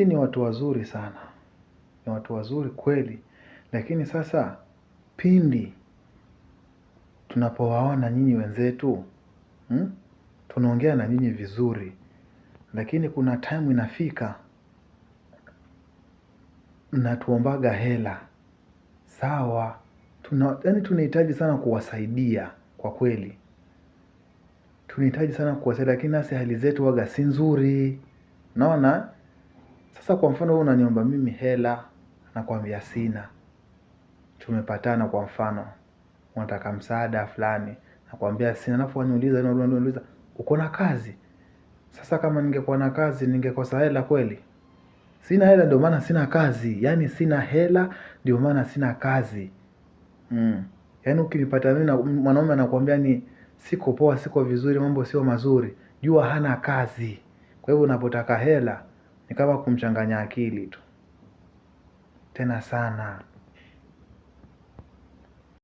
si ni watu wazuri sana, ni watu wazuri kweli, lakini sasa pindi tunapowaona nyinyi wenzetu hmm? tunaongea na nyinyi vizuri, lakini kuna time inafika mnatuombaga hela sawa. Tuna, yani tunahitaji sana kuwasaidia kwa kweli, tunahitaji sana kuwasaidia, lakini nasi hali zetu waga si nzuri, naona sasa kwa mfano wewe unaniomba mimi hela, nakwambia sina. Tumepatana kwa mfano, unataka msaada fulani, nakwambia sina, alafu unaniuliza na unaniuliza uko na kazi? Sasa kama ningekuwa na kazi ningekosa hela kweli? Sina hela ndio maana sina kazi, yaani sina hela ndio maana sina kazi mm. Yaani ukinipata mimi na mwanaume anakuambia ni siko poa, siko vizuri, mambo sio mazuri, jua hana kazi. Kwa hivyo unapotaka hela ni kama kumchanganya akili tu tena sana.